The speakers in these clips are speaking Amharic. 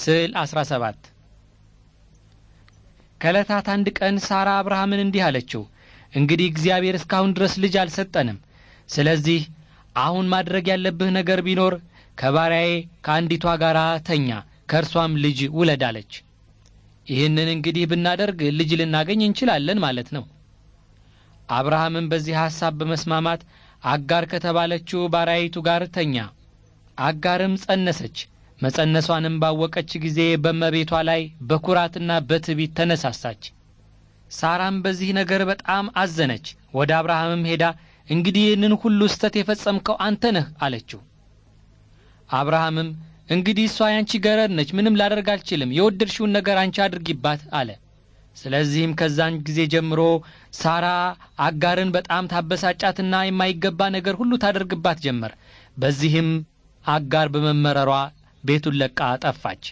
ስዕል 17 ከእለታት አንድ ቀን ሳራ አብርሃምን እንዲህ አለችው፣ እንግዲህ እግዚአብሔር እስካሁን ድረስ ልጅ አልሰጠንም። ስለዚህ አሁን ማድረግ ያለብህ ነገር ቢኖር ከባሪያዬ ከአንዲቷ ጋር ተኛ፣ ከእርሷም ልጅ ውለድ አለች። ይህንን እንግዲህ ብናደርግ ልጅ ልናገኝ እንችላለን ማለት ነው። አብርሃምም በዚህ ሐሳብ በመስማማት አጋር ከተባለችው ባሪያይቱ ጋር ተኛ። አጋርም ጸነሰች፣ መጸነሷንም ባወቀች ጊዜ በመቤቷ ላይ በኩራትና በትቢት ተነሳሳች። ሳራም በዚህ ነገር በጣም አዘነች። ወደ አብርሃምም ሄዳ እንግዲህ ይህንን ሁሉ ስተት የፈጸምከው አንተ ነህ አለችው። አብርሃምም እንግዲህ እሷ ያንቺ ገረድ ነች፣ ምንም ላደርግ አልችልም፣ የወደድሽውን ነገር አንቺ አድርጊባት አለ። ስለዚህም ከዛን ጊዜ ጀምሮ ሳራ አጋርን በጣም ታበሳጫትና የማይገባ ነገር ሁሉ ታደርግባት ጀመር። በዚህም አጋር በመመረሯ ቤቱን ለቃ አጠፋች።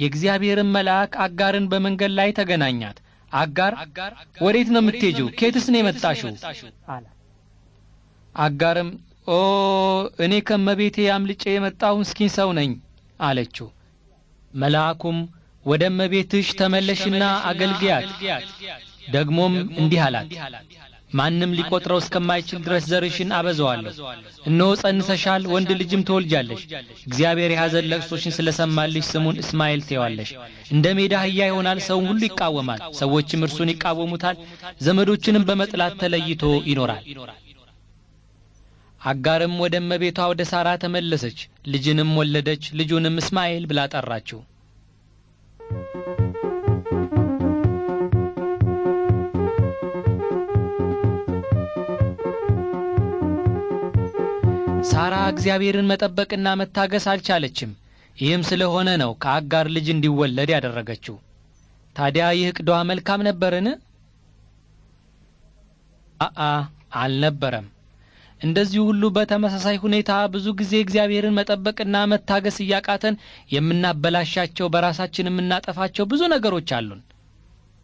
የእግዚአብሔርን መልአክ አጋርን በመንገድ ላይ ተገናኛት። አጋር ወዴት ነው የምትሄጂው? ኬትስ ነው የመጣሽው? አጋርም ኦ እኔ ከመቤቴ አምልጬ የመጣሁ ምስኪን ሰው ነኝ አለችው። መልአኩም ወደ እመቤትሽ ተመለሽና አገልግያት፣ ደግሞም እንዲህ አላት ማንም ሊቆጥረው እስከማይችል ድረስ ዘርሽን አበዛዋለሁ። እነሆ ጸንሰሻል፣ ወንድ ልጅም ትወልጃለሽ። እግዚአብሔር የሐዘን ለቅሶሽን ስለሰማልሽ ስሙን እስማኤል ትየዋለሽ። እንደ ሜዳ አህያ ይሆናል፣ ሰውን ሁሉ ይቃወማል፣ ሰዎችም እርሱን ይቃወሙታል፣ ዘመዶችንም በመጥላት ተለይቶ ይኖራል። አጋርም ወደ እመቤቷ ወደ ሳራ ተመለሰች፣ ልጅንም ወለደች፣ ልጁንም እስማኤል ብላ ጠራችው። ሳራ እግዚአብሔርን መጠበቅና መታገስ አልቻለችም። ይህም ስለሆነ ነው ከአጋር ልጅ እንዲወለድ ያደረገችው። ታዲያ ይህ ዕቅዷ መልካም ነበርን? አአ አልነበረም። እንደዚህ ሁሉ በተመሳሳይ ሁኔታ ብዙ ጊዜ እግዚአብሔርን መጠበቅና መታገስ እያቃተን የምናበላሻቸው በራሳችን የምናጠፋቸው ብዙ ነገሮች አሉን።